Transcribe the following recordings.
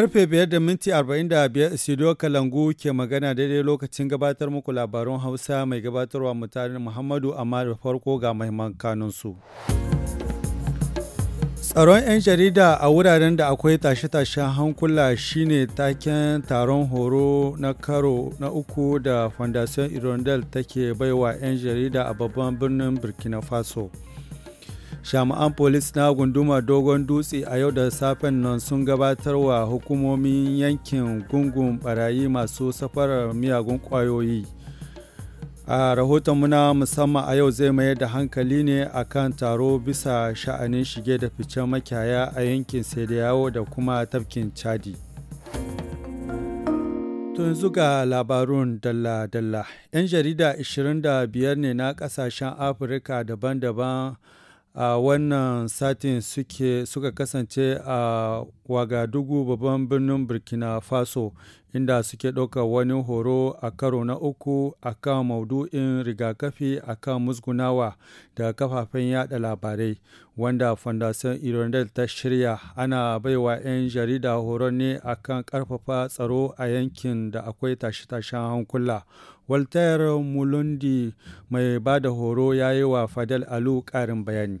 Karfe 5 da minti 45 Isidio Kalangu ke magana daidai lokacin gabatar muku labarun Hausa mai gabatarwa mutane Muhammadu amma da farko ga mahimman kanunsu. Tsaron 'yan jarida a wuraren da akwai tashe-tashen hankula shine taken taron horo na karo na uku da Fondation Irondel take baiwa 'yan jarida a babban birnin Burkina Faso. Jami'an polis na gunduma dogon dutse a yau da safen nan sun gabatar wa hukumomin yankin gungun barayi masu safarar miyagun kwayoyi. A rahoton muna musamman a yau zai mayar da hankali ne kan taro bisa sha'anin shige da ficen makiyaya a yankin yawo da kuma tafkin Chadi. Tun zuga labarun dalla-dalla, ‘yan jarida 25 ne na ƙasashen Afirka daban-daban a wannan satin suka kasance a Waga wagadugu babban birnin burkina faso inda suke ɗauka wani horo a karo na uku a kan maudu'in rigakafi a kan musgunawa da kafafen yada labarai wanda fondasan irondel ta shirya ana baiwa 'yan jarida horon ne a kan ƙarfafa tsaro a yankin da akwai tashe-tashen hankula walter mulundi mai ba da horo ya yi wa fadel alu ƙarin bayani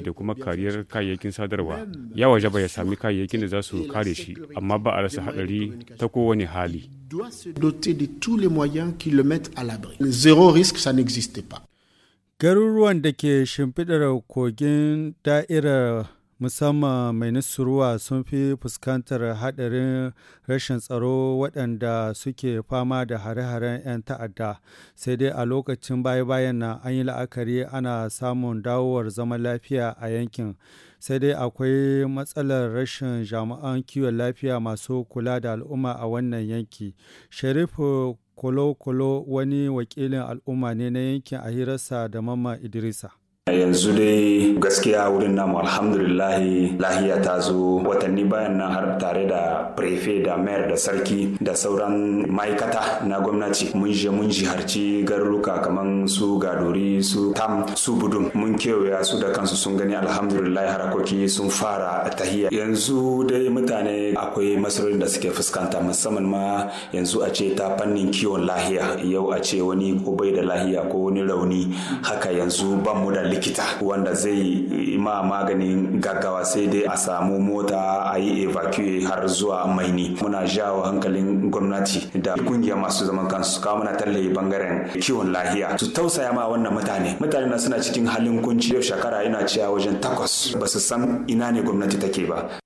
da kuma kariyar kayayyakin sadarwa ya waje ba ya sami kayayyakin da za su kare shi amma ba a rasa hadari ta kowane hali garuruwan da ke shimfiɗar kogin da'irar musamman mai nusurwa sun fi fuskantar haɗarin rashin tsaro waɗanda suke fama da hare-haren 'yan ta'adda sai dai a lokacin baya-bayan na an yi la'akari ana samun dawowar zaman lafiya a yankin sai dai akwai matsalar rashin jami'an kiwon lafiya masu kula da al'umma a wannan yanki sharifu kolo-kolo wani wakilin al'umma ne na yankin a hirarsa da mama idrisa yanzu dai gaskiya wurin namu alhamdulillahi lahiya ta zo watanni bayan nan har tare da prefe da mayar da sarki da sauran ma'aikata na gwamnati mun je mun jiharci garuruka kamar su gadori su tam su budum mun kewaya su da kansu sun gani alhamdulillahi harakoki sun fara tahiya yanzu dai mutane akwai masarorin da suke fuskanta musamman ma yanzu a ce ta fannin kiwon lahiya yau a ce wani ko bai da lahiya ko wani rauni haka yanzu ban mu da likita wanda zai yi ma maganin gaggawa sai dai a samu mota a yi evacue har zuwa maini muna jawo hankalin gwamnati da kungiya masu zaman kansu kawo muna talle bangaren kiwon lahiya su tausaya ma wannan mutane mutane na suna cikin halin kunci yau shekara ina cewa wajen takwas ba su san ina ne gwamnati take ba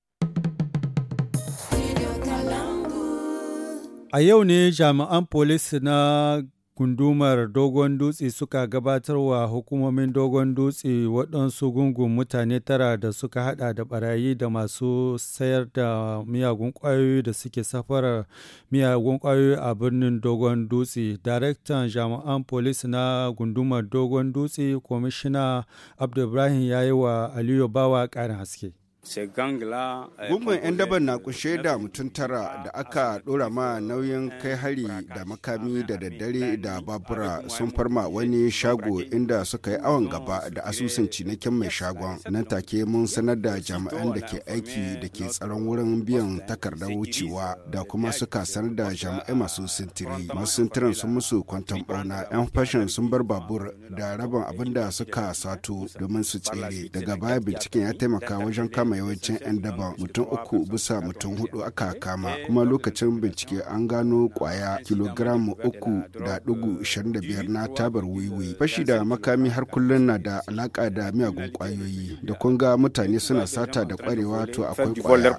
A yau ne jami'an polisi na gundumar dogon dutse suka gabatar wa hukumomin dogon dutse waɗansu gungun mutane tara da suka hada da barayi da masu sayar da miyagun ƙwayoyi da suke safara miyagun ƙwayoyi a birnin dogon dutse daraktan jami'an polis na gundumar dogon dutse kwamishina abdullahi ya yi wa aliyu bawa ƙarin haske Eh, Gungun 'yan daban na kunshe da mutum tara da aka ɗora ma nauyin kai hari da makami da daddare da babura sun farma wani shago inda suka yi awon gaba da asusun cinikin mai shagon. Nan take mun sanar da jami'an da ke aiki da ke tsaron wurin biyan takardar wucewa uh, da kuma suka sanar da jami'ai masu uh, sintiri. Masu sintirin sun musu kwanton barna 'yan fashin sun bar uh, babur da rabin abin da suka sato domin su tsere. Daga baya binciken ya taimaka wajen kama kama yawancin 'yan daba mutum uku bisa mutum hudu aka kama kuma lokacin bincike an gano kwaya kilogram uku da dugu da biyar na tabar wiwi fashi da makami har kullum na da alaka da miyagun kwayoyi da kunga mutane suna sata da kwarewa to akwai kwaya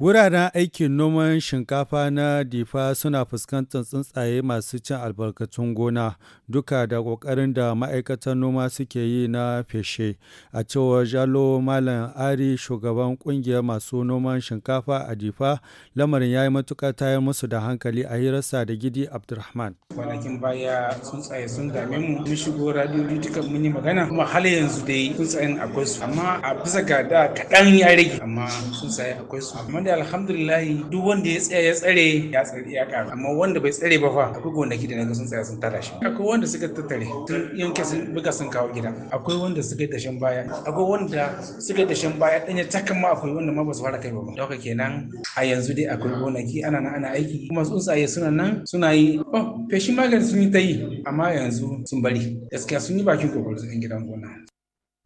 Wuraren aikin noman shinkafa na Difa suna fuskantar tsuntsaye masu cin albarkatun gona duka da ƙoƙarin da ma'aikatan noma suke yi na feshe. A cewar Jalo Malam Ari shugaban ƙungiyar masu noman shinkafa a Difa, lamarin ya yi matuƙar tayar musu da hankali a hirarsa da Gidi Abdulrahman. Kwanakin baya tsuntsaye sun dame mu, mun shigo radiyoyi duka mun yi magana, kuma hal yanzu dai tsuntsayen akwai su, amma a bisa ga da kaɗan ya rage, amma tsuntsaye akwai su. wanda alhamdulillahi duk wanda ya tsaya ya tsare ya tsare ya karu amma wanda bai tsare ba fa akwai gonaki da naga sun tsaya sun tara shi akwai wanda suka tattare sun yanke sun buga sun kawo gida akwai wanda suka yi dashen baya akwai wanda suka yi dashen baya dan ya takan ma akwai wanda ma ba su fara kai ba don kenan a yanzu dai akwai gonaki ana nan ana aiki kuma tsuntsaye suna nan suna yi oh feshi magani sun yi ta yi amma yanzu sun bari gaskiya sun yi bakin kokarin su gidan gona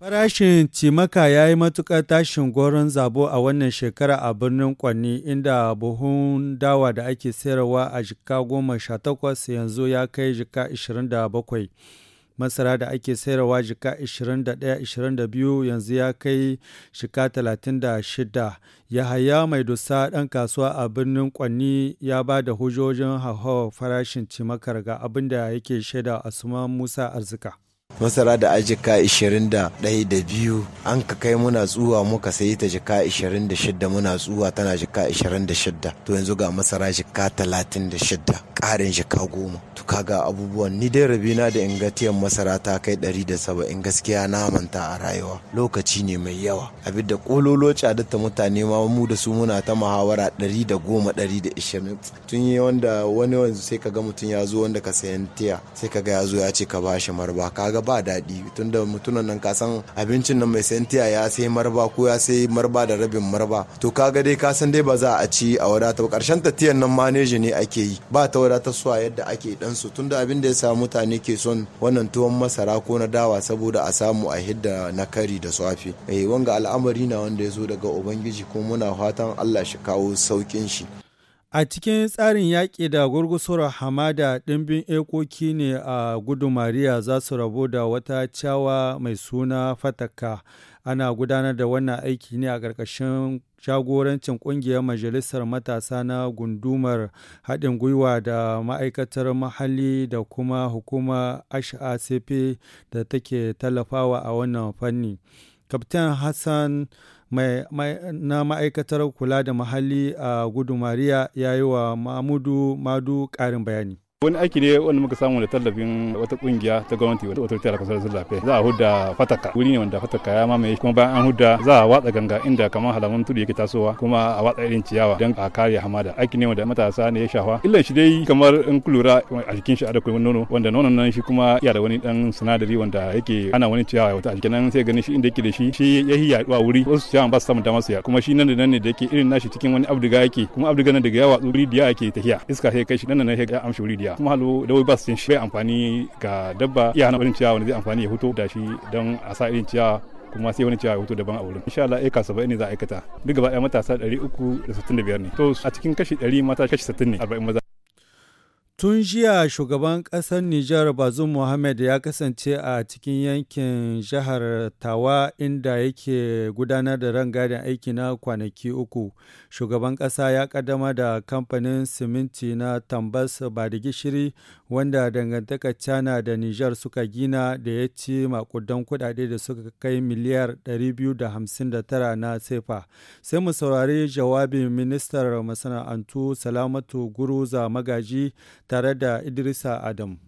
Farashin cimaka ya yi matuƙar tashin goron zabo a wannan shekara a birnin Kwanni, inda buhun dawa da ake sayarwa a jika goma sha takwas yanzu ya kai jika ishirin da bakwai. Masara da ake sayarwa jika ishirin da ɗaya ishirin da biyu yanzu ya kai jika talatin da shida. Yahaya mai dusa ɗan kasuwa a birnin Kwanni ya ba da hujjojin hauhawar farashin cimakar ga abin da yake shaida Asuman Musa Arzika. masara da a jika 21 da biyu an ka kai muna tsuwa muka sayi ta jika 26 muna tsuwa tana jika 26 to yanzu ga masara jika 36 ƙarin jika goma to kaga abubuwan ni dai rabina da ingatiyan masara ta kai 170 gaskiya na manta a rayuwa lokaci ne mai yawa abin da kololo ta mutane ma mu da su muna ta muhawara 110 120 tun yi wanda wani wanzu sai kaga mutum ya zo wanda ka sayan tiya sai kaga ya zo ya ce ka bashi marba kaga ba daɗi tunda mutumin nan ka san abincin nan mai sayan tiya ya sai marba ko ya sai marba da rabin marba to kaga dai ka san dai ba za a ci a wadata ba karshen tiyan nan maneji ne ake yi ba ta wadatar suwa yadda ake dan su tunda abin da ya sa mutane ke son wannan tuwon masara ko na dawa saboda a samu a hidda na kari da swafi eh wanga al'amari na wanda ya zo daga ubangiji kuma muna fatan Allah shi kawo saukin shi A cikin tsarin yaƙi da gurgusura hamada ɗimbin ekoki ne a gudu Mariya za su rabu da wata ciyawa mai suna fataka. Ana gudanar da wannan aiki ne a ƙarƙashin shagorancin ƙungiyar Majalisar Matasa na Gundumar haɗin gwiwa da ma'aikatar mahalli da kuma hukumar HACP da take tallafawa a wannan fanni. kaftin Hassan mai na ma'aikatar kula da muhalli a gudumariya ya yi wa Mahmudu Madu ƙarin bayani. wani aiki ne wanda muka samu da tallafin wata kungiya ta gwamnati wata wata da kasar lafiya za a hudda fataka wuri ne wanda fataka ya mamaye kuma bayan an hudda za a watsa ganga inda kamar halaman tudu yake tasowa kuma a watsa irin ciyawa don a kare hamada aiki ne wanda matasa ne ya shafa illan shi dai kamar in kulura a jikin shi ada kuma nono wanda nonon nan shi kuma ya da wani dan sinadari wanda yake ana wani ciyawa wata jikin nan sai ganin shi inda yake da shi shi ya yi yaduwa wuri wasu ciyawan ba su samu damar siya kuma shi nan da nan ne da yake irin nashi cikin wani abdiga yake kuma abdiga nan daga yawa wuri diya yake tafiya iska sai kai shi nan nan sai ya amshi wuri ciya kuma halu da wai bas din shi bai amfani ga dabba iya hana wani ciyawa wani zai amfani ya fito da shi don a sa irin ciyawa kuma sai wani ciyawa ya fito daban a wurin insha Allah eka 70 ne za a aikata duk gaba ɗaya matasa 365 ne to a cikin kashi 100 mata kashi 60 ne 40 maza Tun jiya shugaban ƙasar Nijar Bazoum Mohammed ya kasance a cikin yankin jihar Tawa inda yake gudanar da rangadin aiki na kwanaki uku. Shugaban ƙasa ya ƙaddamar da kamfanin siminti na Tambas Gishiri, wanda dangantaka China da Nijar suka gina da ya ci makudan kuɗaɗe da suka kai miliyar 259 na sefa. Sai mu saurari jawabin ministar masana'antu Salamatu Guruza Magaji tare da Idrisa Adam.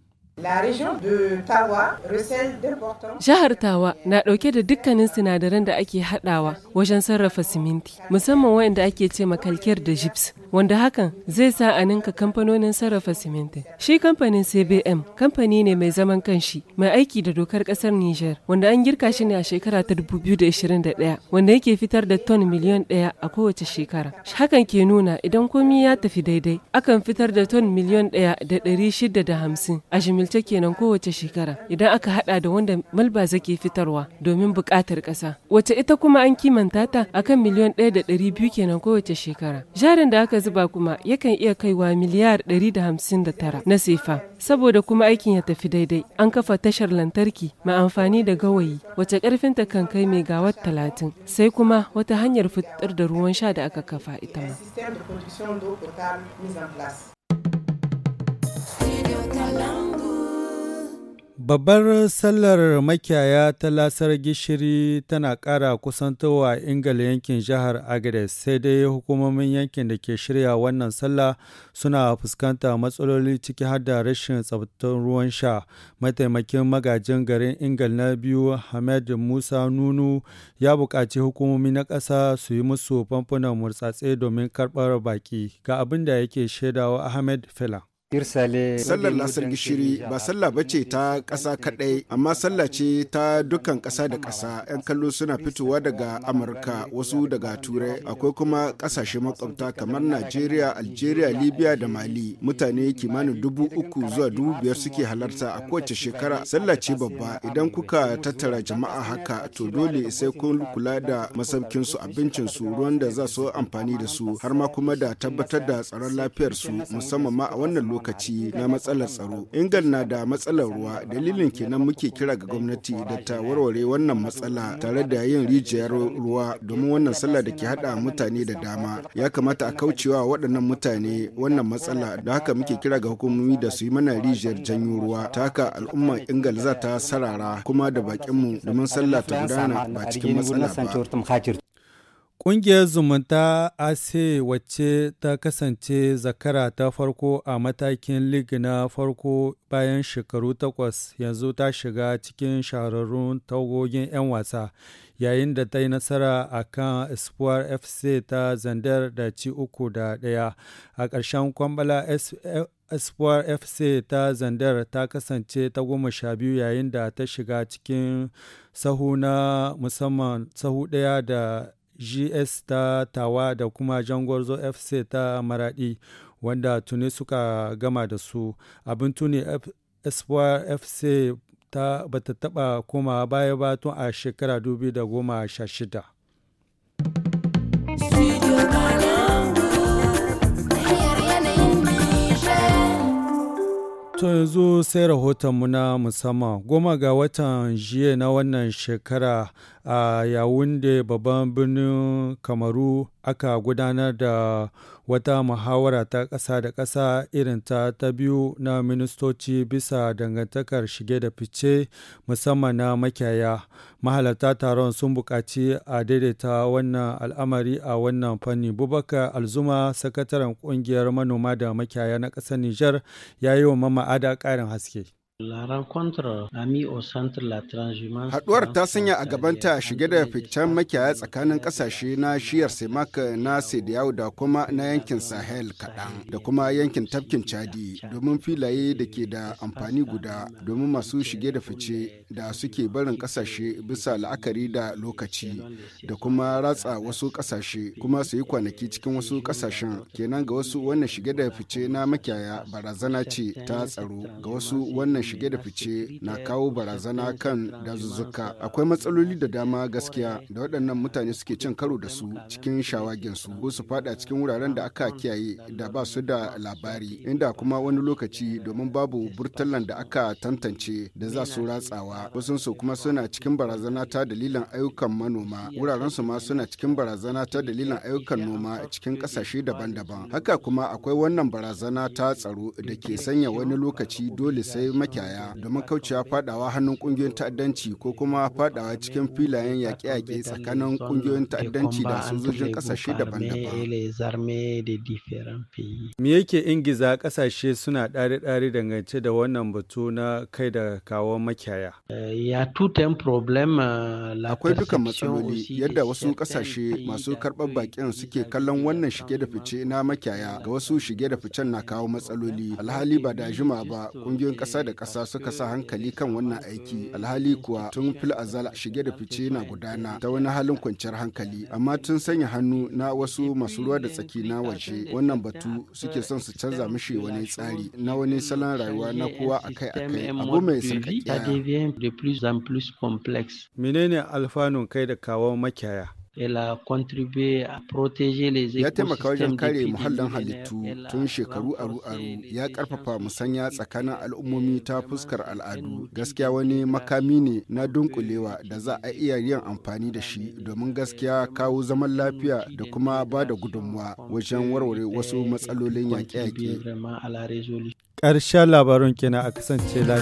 Jihar Tawa na ɗauke da dukkanin sinadaran da ake haɗawa wajen sarrafa siminti, musamman waɗanda ake ce makalkiyar da gyps, wanda hakan zai sa a ninka kamfanonin sarrafa siminti. Shi kamfanin CBM kamfani ne mai zaman kanshi mai aiki da dokar ƙasar Nijar, wanda an girka shi ne a shekara ta 2021, wanda yake fitar da ton miliyon ɗaya a kowace shekara. Hakan ke nuna idan komi ya tafi daidai, akan fitar da ton miliyon ɗaya da ɗari shida da hamsin a jimilce kenan kowace shekara idan aka hada da wanda malbaza ke fitarwa domin bukatar kasa wace ita kuma an kimanta ta akan miliyan ɗaya da ɗari biyu kenan kowace shekara jarin da aka zuba kuma yakan iya kaiwa miliyar ɗari da hamsin da tara na sefa saboda kuma aikin ya tafi daidai an kafa tashar lantarki mai amfani da gawayi wace karfin ta kan kai megawat talatin sai kuma wata hanyar fitar da ruwan sha da aka kafa ita ma Hello. Babbar sallar makiyaya ta lasar gishiri tana ƙara kusantowa ingala yankin jihar Agades sai dai hukumomin yankin da ke shirya wannan sallah suna fuskanta matsaloli ciki har da rashin tsabtar ruwan sha. Mataimakin magajin garin Ingal na biyu Ahmed Musa Nunu ya buƙaci hukumomi na ƙasa su yi musu famfunan murtsatse domin karɓar baƙi ga abin da yake shaidawa Ahmed Fela. Sallar lasar gishiri ba sallah bace ta ƙasa kaɗai, amma sallah ce ta dukkan ƙasa da ƙasa. 'Yan kallo suna fitowa daga Amurka, wasu daga Turai, akwai kuma ƙasashe makwabta kamar Najeriya, Algeria, Libya da Mali. Mutane kimanin dubu uku zuwa dubu biyar suke halarta a kowace shekara. Sallah ce babba, idan kuka tattara jama'a haka, to dole sai kun kula da abincin su ruwan da za su amfani da su, har ma kuma da tabbatar da tsaron lafiyarsu, musamman ma a wannan lokaci. lokaci na matsalar tsaro. Ingal na da matsalar ruwa dalilin kenan muke kira ga gwamnati da ta warware wannan matsala tare da yin rijiyar ruwa domin wannan sallah da ke hada mutane da dama. Ya kamata a kaucewa waɗannan mutane wannan matsala da haka muke kira ga hukumomi da su yi mana rijiyar janyo ruwa. Ta haka al'ummar Ingal za ta sarara kuma da bakinmu domin sallah ta gudana ba cikin matsala ba. Ƙungiyar zumunta ASE wacce ta kasance zakara ta farko a matakin lig na farko bayan shekaru takwas yanzu ta shiga cikin shahararrun tagogin 'yan wasa yayin da ta yi nasara a kan Espoir FC ta zandar da ci uku da ɗaya a ƙarshen kwambala Espoir FC ta Zandar ta kasance ta goma sha biyu yayin da ta shiga cikin sahu na musamman sahu ɗaya da gs ta tawa da kuma jangwarzo fc ta maradi wanda tuni suka gama da su abin tuni espoir fc ta bata taba koma baya ba tun a shekara 2016 To yanzu sai mu na musamman goma ga watan jiya na wannan shekara a yawunde babban birnin kamaru aka gudanar da wata muhawara ta ƙasa da ƙasa irin ta ta biyu na ministoci bisa dangantakar shige da fice musamman na makiyaya mahalarta taron sun buƙaci a daidaita wannan al'amari a wannan fanni bubaka alzuma sakataren ƙungiyar manoma da makiyaya na ƙasar Nijar ya yi wa mama'ada ƙarin haske Haɗuwar ta sanya a gabanta shige da fitan makiyaya tsakanin ƙasashe na shiyar Semak na Sediyawu da kuma na yankin Sahel kaɗan da kuma yankin tafkin Chadi domin filaye da ke da amfani guda domin masu shige da fice da suke barin ƙasashe bisa la'akari da lokaci da kuma ratsa wasu ƙasashe kuma su yi kwanaki cikin wasu ƙasashen kenan ga wasu wannan shige da fice na makiyaya barazana ce ta tsaro ga wasu wannan shige da fice na kawo barazana kan dazuzzuka akwai matsaloli da dama gaskiya da waɗannan mutane suke cin karo da su cikin shawagin su ko su fada cikin wuraren da aka kiyaye da ba su da labari inda kuma wani lokaci domin babu burtalan da aka tantance da za su ratsawa wasu su kuma suna cikin barazana ta dalilan ayyukan manoma wuraren su ma suna cikin barazana ta dalilan ayyukan noma cikin ƙasashe daban-daban haka kuma akwai wannan barazana ta tsaro da ke sanya wani lokaci dole sai makiyaya domin kaucewa fadawa hannun kungiyoyin ta'addanci ko kuma fadawa cikin filayen yaƙe-yaƙe tsakanin kungiyoyin ta'addanci da sojojin ƙasashe daban-daban. Me yake ingiza ƙasashe suna ɗare-ɗare dangance da wannan batu na kai da kawo makiyaya? Uh, Akwai duka matsaloli yadda wasu ƙasashe masu karɓar baƙin suke kallon wannan shige da fice na makiyaya ga wasu shige da ficen na kawo matsaloli alhali ba da jima ba ƙungiyoyin ƙasa da ƙasa suka sa hankali kan wannan aiki alhali kuwa tun fil azal shige da fice na gudana ta wani halin kwanciyar hankali amma tun sanya hannu na wasu masu ruwa da tsaki na waje wannan batu suke son su canza mishi wani tsari na wani salon rayuwa na kowa akai-akai abu mai sarƙaƙiya. Menene alfanun kai da kawo makiyaya? ya taimaka wajen kare muhallin halittu tun shekaru aru-aru ya karfafa musanya tsakanin al'ummomi ta fuskar al'adu gaskiya wani makami ne na dunkulewa da za a iya yin amfani da shi domin gaskiya kawo zaman lafiya da kuma ba da gudunmuwa wajen warware wasu matsalolin yaƙe-yaƙe ƙarshen labarin kenan a kasance lafiya